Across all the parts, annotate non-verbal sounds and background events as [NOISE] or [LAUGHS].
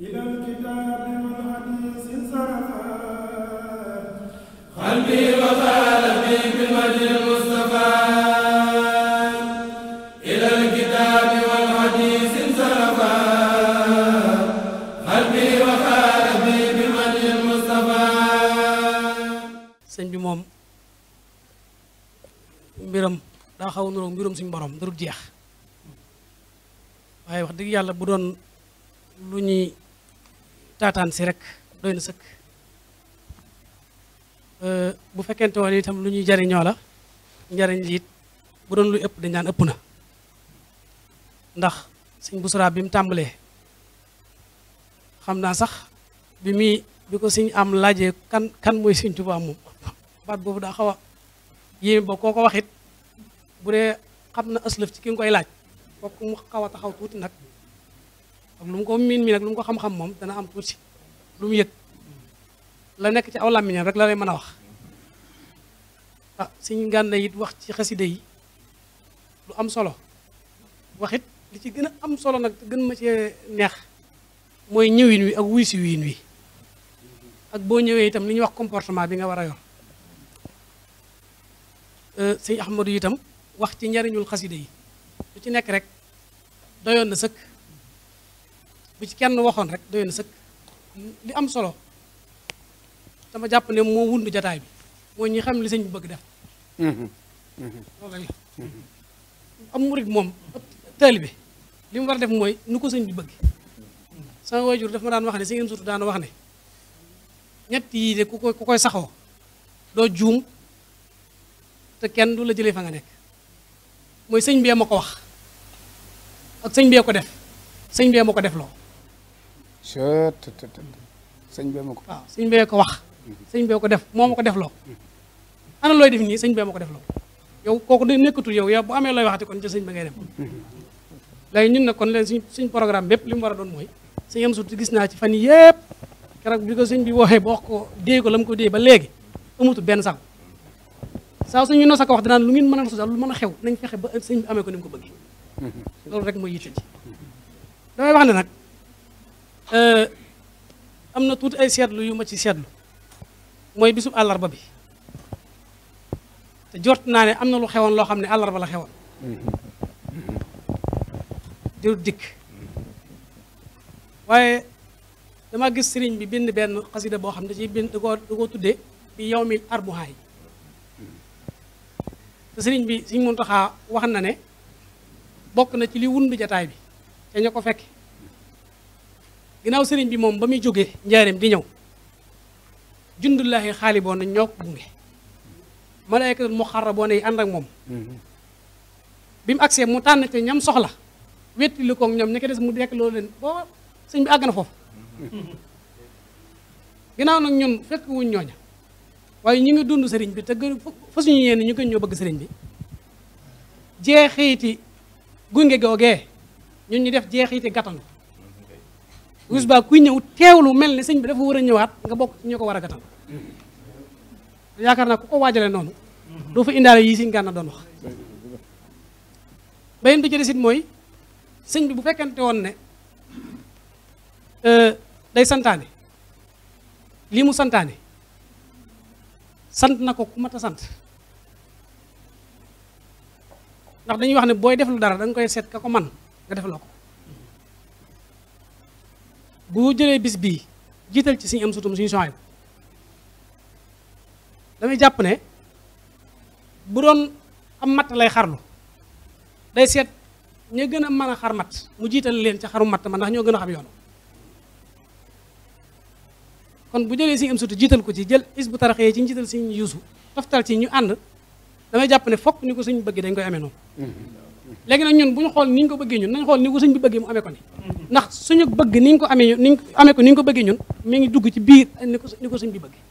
sëñ bi moom mbiram daa xaw nuroo mbiram suñu borom darul jeex waaye wax dëgg yàlla bu doon lu ñuy taataan si rek doy na sëkk euh, bu fekkente woon itam lu ñuy jariñoo la njariñ liit bu doon luy ëpp dañ naan ëpp na ndax sëñ busuraab bi mu tàmbalee xam naa sax bi muy bi ko sëñ am laajee kan kan mooy sëñ Tuubaa moom baat boobu daa xaw a yéeme ba koo ko waxit bu dee xam na aslëf ci ki koy laaj kooku mu xaw tuuti nag am lu mu ko miin mi nag lu mu ko xam-xam moom dana am tuuti lu mu yëg la nekk ci aw làmmiñam rek la lay mën a wax ah suñu gànna it wax ci xaside yi lu am solo waxit li ci gën a am solo nag te gën ma cee neex mooy ñëwin wi ak wuy si wiin wi ak boo ñëwee itam li ñuy wax comportement bi nga war a yor euh, sëñ Ahmadou itam wax ci njariñul xaside yi lu ci nekk rek dayoon na sëkk bu ci kenn waxoon rek doy na sëkk li am solo dama jàpp ne moo wund jataay bi moo ñi xam li sëñ bi bëgg def mhm. am murit moom taalibe bi li mu war def mooy nu ko sëñ bi bëgg sama waajur dafa ma daan wax ne sëñ surtout daan wax ne ñett yii de ku koy ku koy saxoo doo juum te kenn du la jëlee fa nga nekk mooy sëñ bee ma ko wax ak sëñ bee ko def sëñ bee ma ko def loo sëñ bee ma ko waaw sëñ bee ko wax sëñ bee ko def moo ma ko def loo ana looy def nii sëñ bee ma ko def loo yow kooku day nekkatul yow yow bu amee looy waxati kon ca sëñ ba ngay dem léegi ñun nag kon leen suñ suñ bépp li mu war a doon mooy sëñ am surtout gis naa ci fan yëpp keroog bi ko sëñ bi waxee ba ko déey ko la mu ko déey ba léegi amutu benn sax saa suñu no ko wax danaan lu ngeen mën a sosal lu mën a xew nañ fexe ba sëñ bi amee ko ni mu ko bëggee [LAUGHS] loolu rek mooy yitte ji damay Euh, am na tuuti ay seetlu yu ma ci seetlu mooy bisu àllarba bi te jot naa ne am na lu xewoon loo xam ne àllarba la xewoon diru dikk waaye dama gis sëriñ bi bind benn xasida boo xam ne ci bind da koo da koo tuddee bi yow mi arbuhaa te sëriñ bi Sëriñ Muntaxa wax na ne bokk na ci li wund jataay bi te ña ko fekk ginnaaw sëriñ bi moom ba muy jógee njaareem di ñëw jundullaahi xaaliboon nañ ñoo ko gunge mu muxarraboon yi ànd ak moom mm-hmm. bi mu agsee mu tànn ca ñam soxla wetti li koog ñoom ñi ko des mu dekk loolu leen boo sëñ bi àgg na foofu mm-hmm. ginnaaw nag ñun fekk wuñ ñooña waaye ñu ngi dund sëriñ bi te gën fa suñu yéen ñu gën ñoo bëgg sëriñ bi jeexiiti gunge googee ñun ñu def jeexiiti gàttandu bis ba kuy ñëw lu mel ni sëñ bi dafa war a ñëwaat nga bokk ci ñu ko war a gatal yaakaar naa ko ko waajale noonu doo fa indaale yi sëñ gànna doon wax beneen bi ci desit mooy sëñ bi bu fekkente woon ne euh, day santaane lii mu santaane sant na ko ku mat a sant ndax dañuy wax ne booy def lu dara da koy seet ka ko man nga la ko bu jëlee bis bii jiital ci suñu am sutum suñu soxna damay jàpp ne bu doon am matt lay xarlu day seet ña gën a man a xar matt mu jiital leen ci xaru matt ma ndax ñoo gën a xam yoon kon bu jëlee suñu am sutu jiital ko ci jël is bu taraxee ci ñu njiital suñu yuusu toftal ci ñu ànd damay jàpp ne fokk ñu ko suñu bëggee dañ koy amee noonu mm-hmm. léegi nag ñun bu ñu xool ni ko bëggee ñun nañ xool ni ko sëñ bi bëggee mu amee ko ni ndax suñu bëgg ni ñu ko amee ni amee ko ni ñu ko bëggee ñun mi ngi dugg ci biir ni ko ni ko sëñ bi bëggee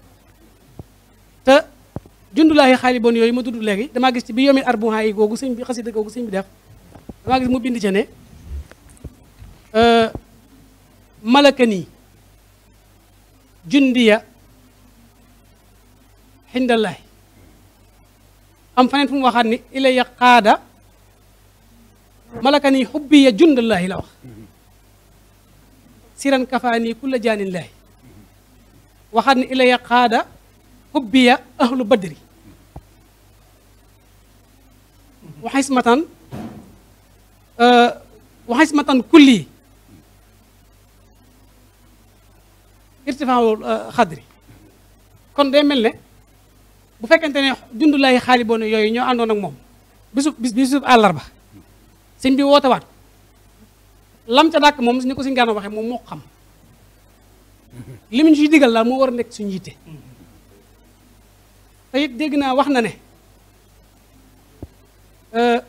te jundulaayi xaali bon yooyu ma tudd léegi dama gis ci bi yomi arbuha yi googu sëñ bi xasida googu sëñ bi def damaa gis mu bind ci ne malaka nii jundiya xindallaahi am faneen fu mu waxaat ni ilaya qaada malaka nii xubbi ya jundallahi la wax siran kafaanii kulla jaanillahi waxaat ne ilaya qaada xubbi ya ahlu badri wa xismatan kulli irtifaawul eh, xadri kon day mel ne bu fekkente ne jundallahi xaaliboon yooyu ñoo àndoon ak moom bisub bisub àllarba sëñ bi woote waat lam ca dàkk moom ni ko sëñ Gana waxee moom moo xam li mu ñu ciy digal la moo war a nekk suñu yitte te dégg naa wax na ne euh,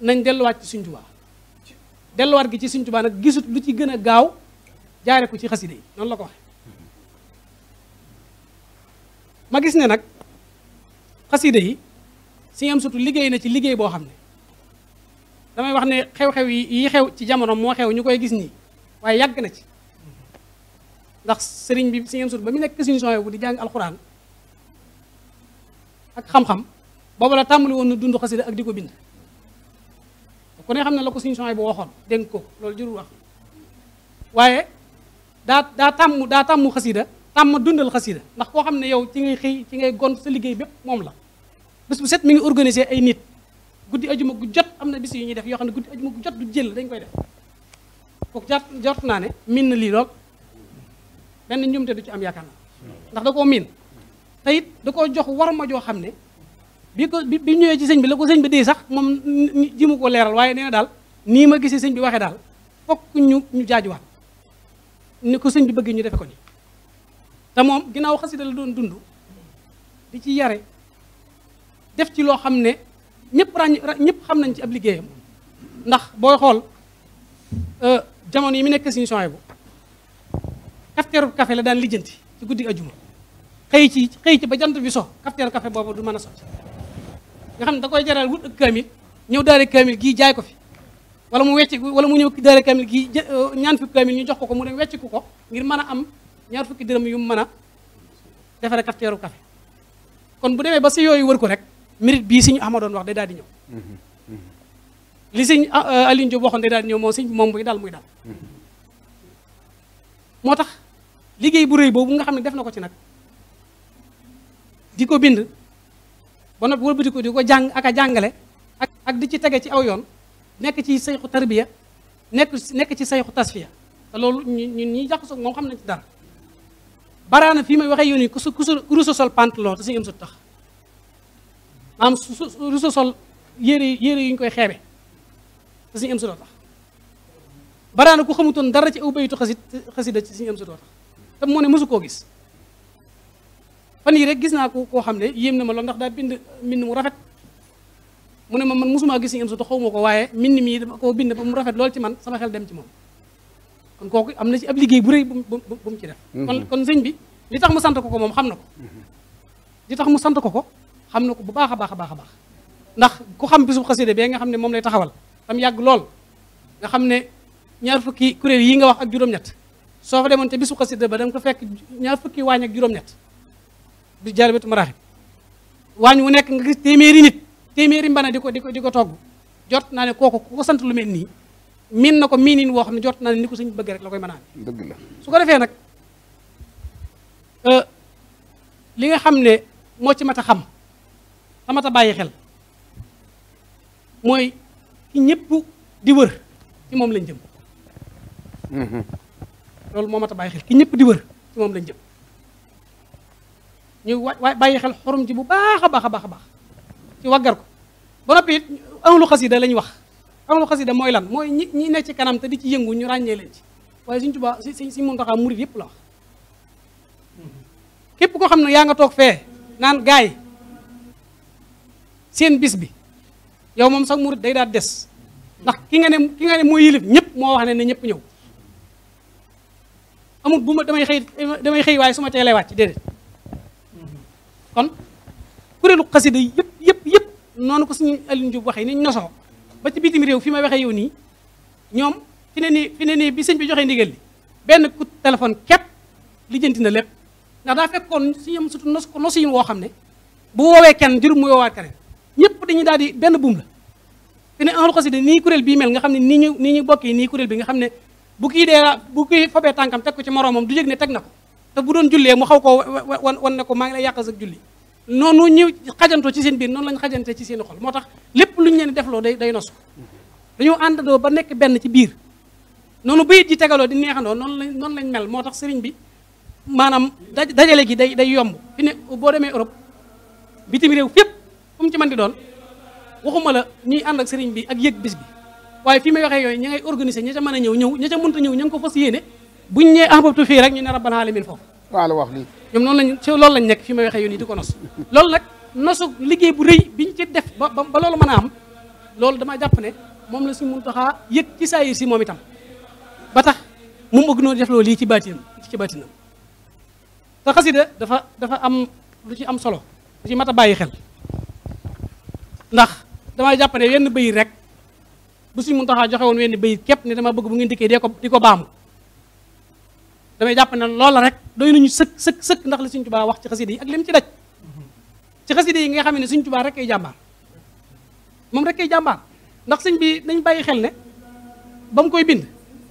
nañ delluwaat ci Sëñ Tuubaa delluwaat gi ci Sëñ Tuubaa nag gisut lu ci gën a gaaw jaare ko ci xaside yi noonu la ko waxe ma gis ne nag xaside yi si am surtout liggéey na ci liggéey boo xam ne damay wax ne xew-xew yi yi xew ci jamono moo xew ñu koy gis nii waaye yàgg na ci ndax sëriñ bi si ngeen sut ba mu nekk suñu sooy bu di jàng alxuraan ak xam-xam boobu la tàmbali woon na dund xasida ak di ko bind ku ne xam ne la ko suñu sooy bu waxoon dénk ko loolu jurul wax waaye daa daa tàmm daa tàmm xasida tàmm dundal xasida ndax koo xam ne yow ci ngay xëy ci ngay gont sa liggéey bépp moom la bés bu set mi ngi organiser ay nit guddi ajuma gu jot am na bis yu ñuy def yoo xam ne guddi ajuma gu jot du jël dañ koy def kooku jot jot naa ne miin na lii lool benn njuumte du ci am yaakaar naa ndax da koo miin te it da koo jox war ma joo xam ne bi ko bi ñëwee ci sëñ bi la ko sëñ bi dee sax moom ji mu ko leeral waaye nee na daal nii ma gisee sëñ bi waxee daal fokk ñu ñu jaajuwaat ni ko sëñ bi bëggee ñu defe ko ni te moom ginnaaw xasida doon dundu di ci yare def ci loo xam ne ñépp ra ñëpp xam nañ ci ab liggéeyam ndax booy xool euh, jamono yi mu nekk Serigne Souhaïbou cafteeru kafe la daan lijjanti ci guddi ajuma xëy ci xëy ci ba jant bi so cafteeru kafe boobu du mën a sotti nga xam ne da koy jaral wut ak kaamil ñëw daare kaamil gii jaay ko fi wala mu wecc wala mu ñëw daare kaamil gii euh, ñaan fi kaamil ñu jox ko ko mu dem wecciku ko ngir mën a am ñaar fukki dërëm yu mu mën a defaree cafteeru café kon bu demee ba si yooyu wër ko rek mérite bii suñu Ahmadoon wax day daal di ñëw li sëñ ah, euh, Alioune Diop waxoon day daal di ñëw moo sëñ moom buy dal muy dal moo tax liggéey bu rëy boobu nga xam ne def na ko ci nag di ko bind ba noppi wëlbati ko di ko jàng ak a jàngale ak ak di ci tege ci aw yoon nekk ci say sayxu tarbiya nekk nekk ci sayxu tasfiya te loolu ñun ñi jàq soog moom xam nañ ci dara baraana fii may waxee yoon yi ku su ku su sol pantalon te suñu am sut tax maanaam su su rusa sol yére yére yu ñu koy xeebe te suñu am sudoo tax baraana ku xamutoon dara ci aw baytu xasit xasida ci suñu am sudoo tax te moo ne mosu koo gis fan yii rek gis naa ko koo xam ne yéem na ma lool ndax daa bind mbind mu rafet mu ne ma man mosumaa gis suñu am sudoo xaw ma ko waaye mbind mii dama koo bind ba mu rafet lool ci man sama xel dem ci moom kon kooku am na ci ab liggéey bu rëy bu bu mu ci def mhm. kon kon sëñ bi li tax mu sant ko ko moom xam na ko mhm. li tax mu sant ko ko xam na ko bu baax a baax a baax a baax ndax ku xam bisub xasida bee nga xam ne moom lay taxawal tam yàgg lool nga xam ne ñaar fukki kuréel yi nga wax ak juróom-ñett soo fa demoon te bisub xasida ba da ko fekk ñaar fukki waañ ak juróom-ñett bi jarbatu maraaxib waañ wu nekk nga gis téeméeri nit téeméeri mbana di ko di ko di ko togg jot naa ne kooku ku ko sant lu mel nii miin na ko miiniin woo xam ne jot naa ne ni ko suñ bëgg rek la koy mën a dëgg su ko defee nag euh, li nga xam ne moo ci mat a xam amata bàyyi xel mooy ki ñëpp di wër ci moom lañ jëm mm-hmm. loolu moo mat a bàyyi ñëpp di wër moom lañ jëm ñu wa bàyyi xel xorom ji bu baax a baax a baax a ci waggar ko ba noppi it ahlu xasida lañ wax ahlu xasida mooy lan mooy ñi ñi nekk ci kanam te di ci yëngu ñu ràññee leen ci waaye suñ tubaa si si si Muntaxa murit yëpp la wax mm-hmm. képp koo xam ne yaa nga toog fee naan gaay seen bis bi yow moom sax murit day daal des ndax ki nga ne ki nga ne mooy yilif ñëpp moo wax ne ne ñëpp ñëw amul bu ma damay xëy damay xëy waaye su ma teelee wàcc de kon kuréelu xasida yëpp yëpp yëpp noonu ko suñu Aliou Ndiouf waxee ni nosoo ba ci bitim réew fi ma waxee yow nii ñoom fi ne nii fi ne nii bi sëñ bi joxee ndigal li benn coup téléphone képp lijjanti na lépp ndax daa fekkoon si yam surtout nos ko nos yi woo xam ne bu woowee kenn jur mu yoowaat keneen ñëpp dañuy daal di benn buum la te ne Ahlu Xasida nii kuréel bii mel nga xam ne nii ñu nii ñu bokk yi nii kuréel bi nga xam ne bu kii dee bu kii fobee tànkam teg ko ci moroomam du yëg ne teg na ko te bu doon jullee mu xaw ko wan wan ne ko maa ngi lay yàqal sa julli noonu ñu xajantoo ci seen biir noonu lañ xajante ci seen xol moo tax lépp lu ñu leen defloo day day nos dañoo àndandoo ba nekk benn ci biir noonu bayit ji tegaloo di neexandoo noonu lañ noonu lañ mel moo tax sëriñ bi maanaam dajale gi day day yomb ne boo demee Europe bitim réew fépp fu mu ci mën di doon waxuma la ñuy ànd ak sëriñ bi ak yëg bis bi waaye fi may waxee yooyu ña ngay organiser ña ca a ñëw ñëw ña ca mënta ñëw ña ngi ko fas yéene buñ ñee ahbabtu fii rek ñu ne rabbal alamin foofu waaw la wax lii ñoom noonu lañ nekk fi may waxee yoon yi di ko nos loolu nag nosu liggéey bu bi biñ ci def ba ba loolu man a am loolu dama jàpp ne moom la suñ Muntaxaa yëg ci saayir si moom itam ba tax mu bëgg noonu def loolu lii ci baatinam ci baatinam te xasida dafa dafa am lu ci am solo lu ci mat a bàyyi xel ndax damay jàpp wenn bayit rek bu suñ mun taxaa joxe woon wenn bayit képp ne dama bëgg bu ngeen dikkee dee ko di ko baamu damay jàpp ne loola rek doy nañu sëkk sëkk sëkk ndax la suñ tubaa wax ci xasida yi ak lim ci daj ci xasida yi nga xam ne suñ tubaa rek kay jàmbaar moom rek kay jàmbaar ndax sëñ bi nañ bàyyi xel ne ba mu koy bind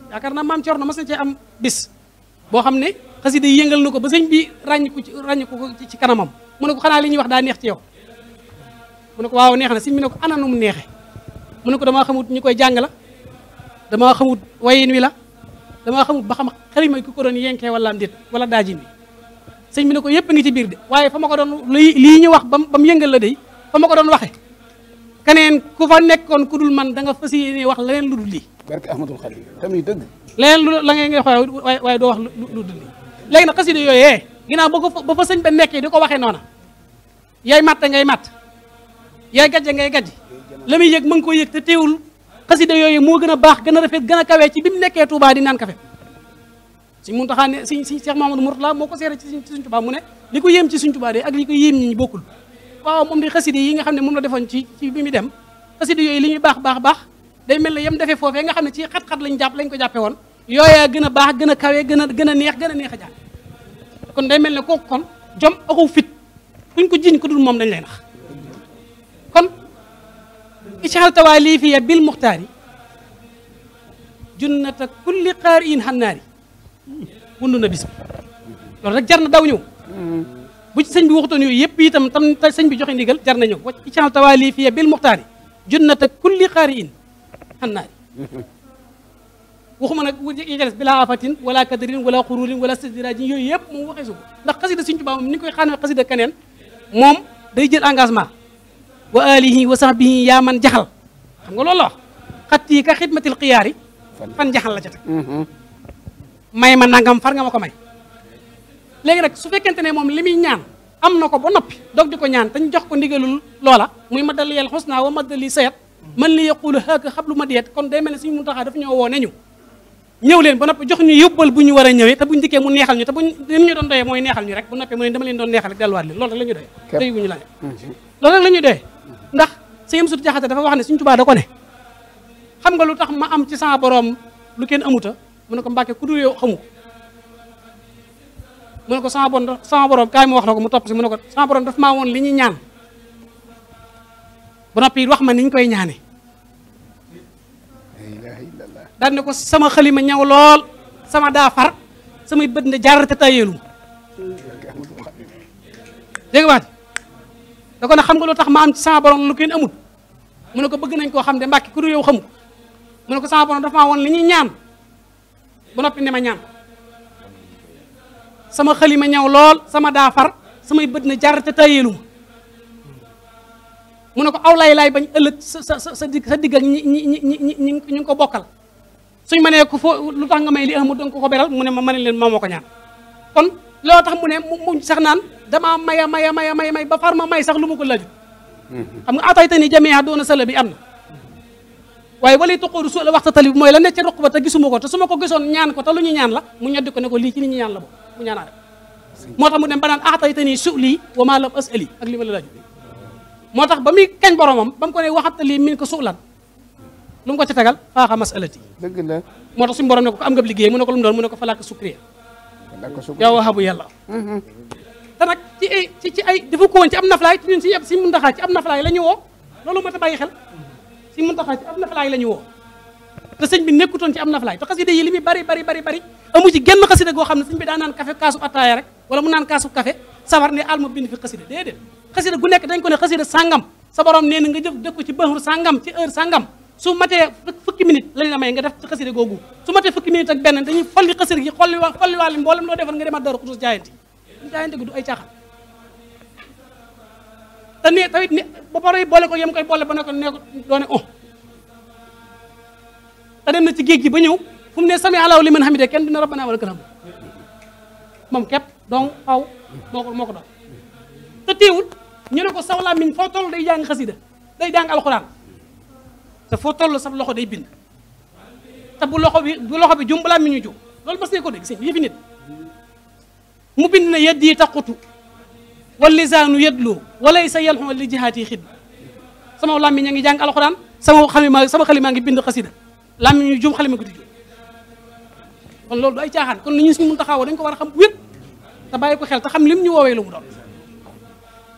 yaakaar naa maam Cerno ma na cee am bis boo xam ne xasida yi yëngal na ko ba sëñ bi ràññiku ci ràññiku ko ci kanamam mun ne ko xanaa li ñuy wax daa neex ci yow mu ne ko waaw neex na sëñ bi ne ko ana nu mu neexe mu ne ko damaa xamut ñu koy jàngala la damaa xamut wayin wi la damaa xamut ba xam xarima ki ko doon yenkee wala ndit wala daajin bi sëñ bi ne ko yëpp a ngi ci biir de waaye fa ma ko doon lii ñu wax bam ba mu yëngal la de fa ma ko doon waxe keneen ku fa nekkoon ku dul man da nga fas yéene wax leneen lu dul lii barke Ahmadul Xadim tamit dëgg leneen lu la ngay ngay xooy waaye waaye doo wax lu dul lii léegi nag xasida yooyee ginaa ba ko ba fa sëñ ba nekkee di ko waxee noona yay matt ngay matt yaay gàjje ngay gàjj la muy yëg ma ngi koy yëg te teewul xasida yooyu moo gën a baax gën a rafet gën a kawee ci bi mu nekkee Touba di naan kafe suñ mun taxaa ne si si Cheikh Mamadou Mourtala moo ko seere ci suñ Touba mu ne ak ko yéem ñi bokkul waaw moom di nga xam ne moom la defoon ci ci bi mu dem xasida yooyu li ñuy baax baax baax day mel ne yam defee foofee nga xam ne ci xat-xat jàpp lañ ko jàppe woon yooyaa gën a baax gën a kawee gën a gën a neex gën a neex a jàpp kon day mel ne kooku kon jom aku fit kuñ ko jiñ ko dul moom dañ lay nax icaxal tawaalifiya bil muxtaari junnata kulli qaari in xannaari wund na bis bi loolu rek jar daw ñëw bu ci sëñ bi yooyu yëpp itam tam sëñ bi joxe ndigal jar na ñëw wacc icaxal tawaalifiya bil muxtaari junnata kulli qaari in xannaari waxuma nag ijales bila afatin wala kadarin wala xururin wala sidrajin yooyu yëpp moom waxee nda ko ndax xasida sëñ Tuubaa moom koy xaanoo xasida keneen moom day jël engagement wa alihi wa sahbihi yaa man jaxal xam nga lool la wax xatti ka xidmatil xiyaari fan jaxal la ca teg mm-hmm. may ma nangam nga ma ko may léegi ne moom li muy na ko ba noppi dog di ko ñaan te ko ndigalul loola muy ma dal yel xusna wa ma dali sayat man li yaqulu haaka xablu ma diyet ne leen ba noppi jox ñu yóbbal bu a mooy neexal ñu rek bu noppee mu ne dama leen doon ñu doyee sëñ Amsatu Jaxate dafa wax ne suñ tubaa da ko nga lu tax ma am ci sama borom lu kenn amuta mu ne ko mbàkke ku dul yow ko mu ne ko sama bon sama borom wax la ko mu topp si mu ne ko sama borom daf maa woon li ñuy ñaan ba noppi wax ma ni koy ñaane daal ne ko sama xalima ñaw lool sama daafar samay bët ne jaarate tayeelu dégg nga waat da ko ne xam nga lu tax ma am ci sama borom lu amut mu ne ko bëgg nañ koo xam ne mbàkki ku dul yow xamu mu ne ko sama borom dafa maa woon li ñuy ñaan ba noppi ne ma ñaan sama xalima ñaw lool sama daafar samay bët na jar te tayeelu ma mu ne ko aw lay laay bañ ëllëg sa sa sa sa digg ak ñi ñi ñi ñi ñu ko bokkal suñ ma nee ko foo lu tax nga may li amul danga ko ko beral mu ne ma ma leen moo ko ñaan kon loo tax mu ne mu sax naan damaa maya maya maya may ba far ma may sax lu ma ko laajut xam nga atayta ni jamiha doona sala bi am na waaye wali tuqoodu su la waxta talib mooy la ne ci ruq ba te gisuma ko te su ma ko gisoon ñaan ko te lu ñu ñaan la mu ñoddi ko ne ko lii ci nit la bo mu ñaanaa moo tax mu dem ba naan ah atayta wa maa lam asali ak li ma la laaj moo tax ba muy kañ boromam ba mu ko ne waxatta lii min ko suulan lu mu ko ci tegal faaxa masalati moo tax suñu borom ne ko am nga liggéey mu ne ko lu mu doon mu ne ko falaaka sukriya yow waxabu yàlla mm-hmm. te nag ci ay ci ay dafa ko woon ci am naflaay ci ñun si si muntaxaa ci am naflaay la woo loolu moo ta bàyyi xel si muntaxaa naflaay la woo te sëñ bi nekkutoon ci am naflaay te xasida yi li muy bari bari bari bari amu ci genn xasida goo xam ne sëñ bi daa naan café kaasu ne alma bind fi xasida déedéet xasida gu nekk dañ ko ne xasida sàngam sa borom nga jëf ci bëxur sàngam ci heure sàngam su matee fukki minute lañ la may nga def ci xasida googu su matee fukki minute ak benn ñu jaayante du ay caaxaan ne tamit ne ba pare boole ko yem koy boole ba ne ko nee ko ci géej gi ba ñëw fu mu ne sami allahu liman hamide kenn dina rabbana wala karam moom képp donc faw moo ko moo ko doon teewul ñu ne ko saw làmmiñ foo toll day jàng xasida day jàng alxuraan te foo toll sab loxo day bind te bu loxo bi bu loxo bi jum balaa mi ñu jum loolu mas ne ko dégg seen yëfi nit mu bind na yedd yi taqutu wal lisaanu yedloo walay sa yalxuma li jihaati xid sama làmmiñ a ngi jàng alxuraan sama xalima sama xalimaa ngi bind xasida làmmiñ ñu jum xalima ko kon loolu du ay caaxaan kon li ñu suñu mun taxawoo dañ ko war a xam bu wér te bàyyi ko xel ta xam lim ñu woowee lu mu doon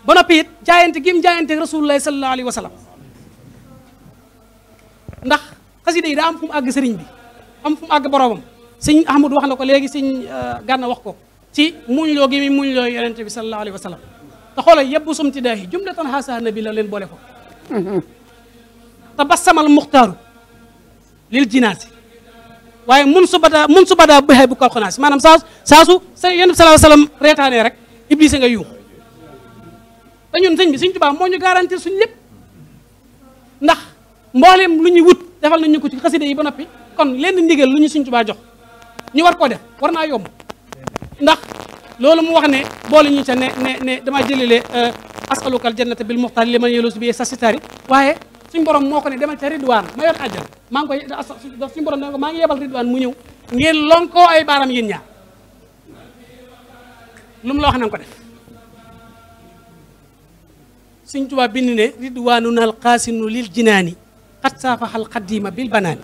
ba noppi it jaayante gim jaayante rasulullahi sallallahu alayhi wa sallam ndax xasida yi daa am fu mu àgg sëriñ bi am fu mu àgg boroomam sëñ Ahmadu wax na ko léegi sëñ euh, Gànna wax ko ci muñ loo gi mi muñ loo yonent bi sallallahu alayhi wa sallam te xoolal yebbu sumti daahi jumlatan xaasa nabi la leen boole ko te basamal muxtaaru lil jinaasi waaye mun su badaa mun su badaa baxee bu kalxonaasi maanaam saa saasu sa yonent bi sa alayhi reetaanee rek iblis nga yuux te ñun sëñ bi suñ tubaab moo ñu garantir suñ lépp ndax mboolem lu ñuy wut defal nañ ñu ko ci xaside yi ba noppi kon lenn ndigal lu ñu suñ tubaab jox ñu war koo war naa yomb ndax loolu mu wax ne bool ñu ca ne ne ne damaa jëlile euh, asaluka al jannata bil muxtaar li man yeloosu bi sa sitari waaye suñ borom moo ko ne demal ca ridwaan ma yor àjjana maa ngi koy suñ borom ne ko maa ngi yebal ridwaan mu ñëw ngeen lonkoo ay baaram yéen ñaar lu mu la wax na nga ko def suñ tubaab bind ne ridwaanun alqaasinu lil jinaani xat saafaxal xaddiima bil banaani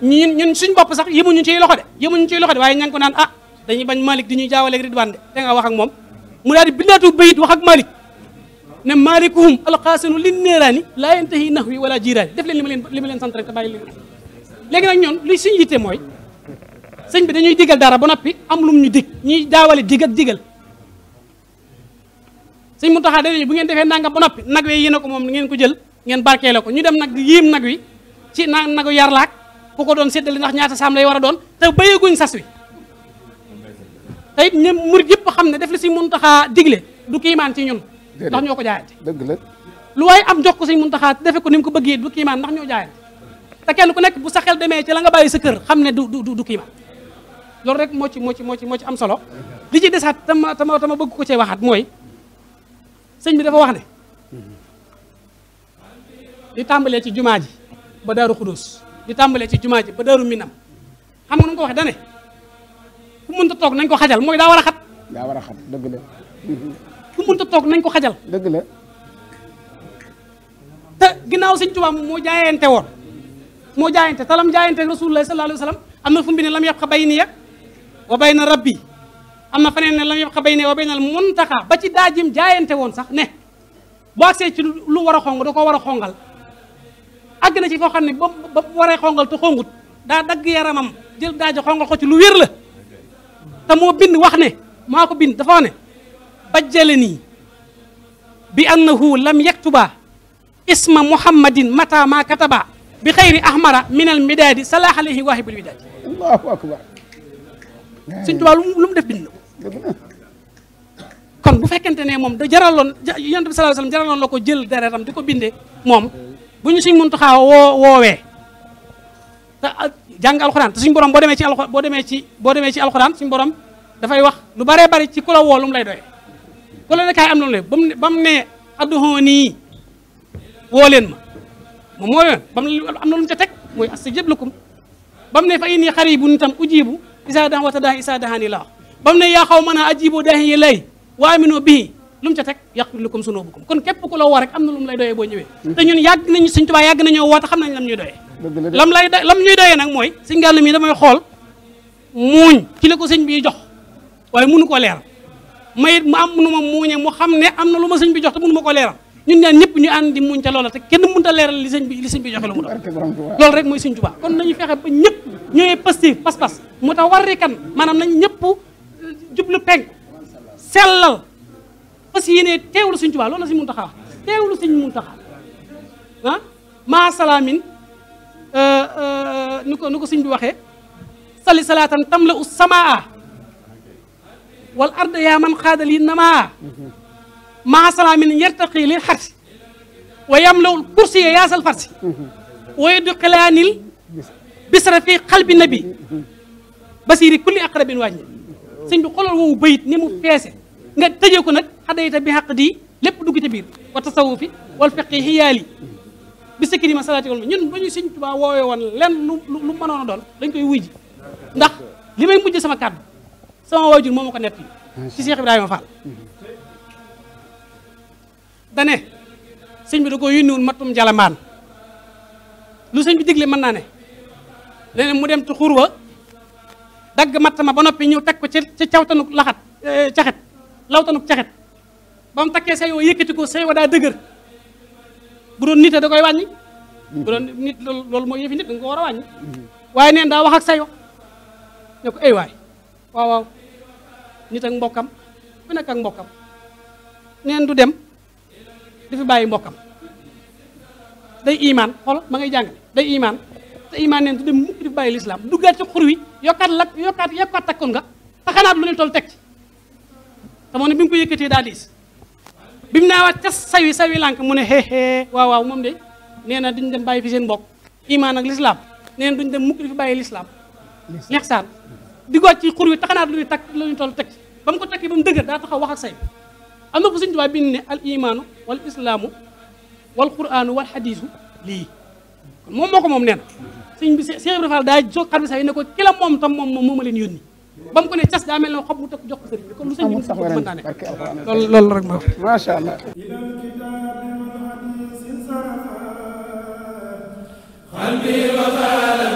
ñun ñun suñ bopp sax yemuñu ciy loxo de yemuñu ciy loxo de waaye ña ngi ko naan ah dañuy bañ Malick di ñuy jaawale ak Ridwaan de da nga wax ak moom mu daal di bindaatu bayit wax ak Malick ne maalikuhum alxaasinu lin néeraani laa yantahi nahwi wala jiiraani def leen li ma leen li ma leen sant rek te bàyyi leen léegi nag ñoon li suñ yitte mooy sëñ bi dañuy digal dara ba noppi am lum ñu dig ñuy jaawale dig ak digal sëñ mu taxaa dañu bu ngeen defee nangam ba noppi nag wee yéen ko moom ngeen ko jël ngeen barkeele ko ñu dem nag di yéem nag wi ci na nagu yarlaak ku ko doon séddale ndax ñaata saam lay war a doon te béyeguñ sas wi te it ñoom murid yëpp xam ne def li si taxaa digle du kiimaan ci ñun ndax ñoo ko jaayante dëgg la lu waaye am jox ko sëñ mun te defe ko ni ko bëggee du kiimaan ndax ñoo jaayante te kenn ku nekk bu sa demee ci la nga bàyyi sa kër xam ne du du du kiimaan loolu rek moo ci moo ci moo ci moo ci am solo li ci desaat tama tama ma bëgg ko cee waxaat mooy sëñ bi dafa wax ne li mhm. tàmbalee ci jumaa ji ba daaru xudóos di tàmbalee ci jumaa ji ba mi Minam xam nga nu ko waxee dane ku mënta toog nañ ko xajal mooy daa war a xat daa war a xat dëgg la ku mënta toog nañ ko xajal dëgg te ginnaaw sëñ Tuubaa moo jaayante woon moo jaayante talam jaayante rasulullah sallallahu alayhi wa am na fu mu bi ne lam yàpp xa bay ni ya wa bay na rabbi am na feneen ne lam yàpp xa bay ni wa bay na muntaxa ba ci daajim jaayante woon sax ne boo agsee ci lu war a xong da koo war a xongal àgg na ci foo xam ne ba ba waree xongal te xongut daa dagg yaramam jël daajo xongal ko ci lu wér la te moo bind wax ne maa ko bind dafa wax ne bajjale nii bi annahu lam yaktuba isma muhammadin mata ma kataba bi xayri ahmara min al midaadi salah alayhi waahibul lu mu def bind kon bu fekkente ne moom da jaraloon yonent bi sallallahu alayhi wasallam jaraloon la ko jël deretam di ko binde moom bu ñu suñ Muntaxa woo woowee te ah, jàng alxuraan te suñ borom boo demee ci alxuraan boo demee ci boo demee ci alxuraan suñ borom dafay wax lu bare bari ci ku la woo lu mu lay doye ku la kaay am lu mu lay ba mu ne adduhoonii woo leen ma moom moo leen ba mu am na lu mu ca teg mooy astajib lakum ba mu ne fa inni xaribun tam ujibu isaa daa wata daa isaa dahaani laa ba ne yaa xaw mën a ajibu dahi lay wa aminu bihi lu mu ca teg yaghfirlakum zunuubakum kon képp ku la woo rek am na lu mu lay doyee boo ñëwee te ñun yàgg nañu Sëñ Tuubaa yàgg nañoo woote xam nañ lam ñuy doyee lam lay lam ñuy doyee nag mooy sëñ gàllu mii damay xool muuñ ci ko sëñ bi jox waaye munu koo leeral mayit mu am mënu ma muuñe mu xam ne am na lu ma sëñ bi jox te mënu ma koo leer ñun ñaan ñëpp ñu ànd di muñ ca loola te kenn mun a leer li sëñ bi li sëñ bi joxe lu mu doon loolu rek mooy sëñ Tuubaa kon nañu fexe ba ñëpp ñooy pastif pas-pas mu tax warri kan maanaam nañ ñëpp jublu penk sellal parce que yéenee teewlu suñ Tuubaa loolu la suñ Muntaxa wax ah, sali euh, euh, salaatan tam samaa wal arda yaa man xaadali namaa maa lil xarsi wa yamlawul kursi ya yaasal farsi wa yudxilaanil bisra fi xalbi nabi basiri kulli aqrabin wàññi sëñ bi xoolal woowu bayit ni mu feese nga tëjee ko nag xadayta bi xaq di lépp dugg ci biir wa tasawufi wal fiqi xiyaali bi sikkiri ma salaati wal ñun ba ñu sëñ Tuubaa woowee woon lenn lu lu mënoon a doon dañ koy wuy ji ndax li may mujj sama kàddu sama waajur moom ma ko nett ci Cheikh Ibrahima Fall dane sëñ bi da ko mattum jalamaan lu sëñ bi digle mën naa ne leneen mu dem ci xur wa dagg matt ma ba noppi ñëw teg ko ci ca cawtanuk laxat eh, caxet lawtanuk caxet ba mu takkee say wa yékkati ko say wa daa dëgër bu doon nite da koy wàññi bu doon nit loolu mooy yëfi nit da nga ko war a wàññi waaye neen daa wax ak say wa ne ko ay waaw waaw nit mbokkam ku nekk ak mbokkam neen du dem di fi bàyyi mbokkam day imaan xool ma ngay jàngale day imaan te imaan neen du dem mukk di fi bàyyi lislaam duggaat ci xur yokkaat lak yokkaat yokkaat takkoon nga taxanaat lu ne toll teg ci te ne bi nga ko daa diis bi mu naawaat ca sawi sawi lànk mu ne xeexee waaw waaw moom de nee na duñ dem bàyyi fi seen mbokk imaan ak lislaam nee na duñ dem mukk di fi bàyyi lislaam ñax saan di gocc ci xur wi taxanaat lu ñuy takk lu ñuy toll tekki ba mu ko tekki ba mu dëgër daa taxaw wax ak say am na fu Sëñ Tuubaa bind ne al imaanu wal islaamu wal quraanu wal xadiisu lii kon moom moo ko moom nee na sëñ bi Cheikh Ibrahima Fall daa jóg xar bi sax yi ko ki la moom tam moom moom moo ma leen yónni ba mu ko ne cas daa mel ne xob mu tëkk jox ko sëriñ bi kon lu sëñ bi mën naa ne loolu loolu rek ma macha allah qalbi wa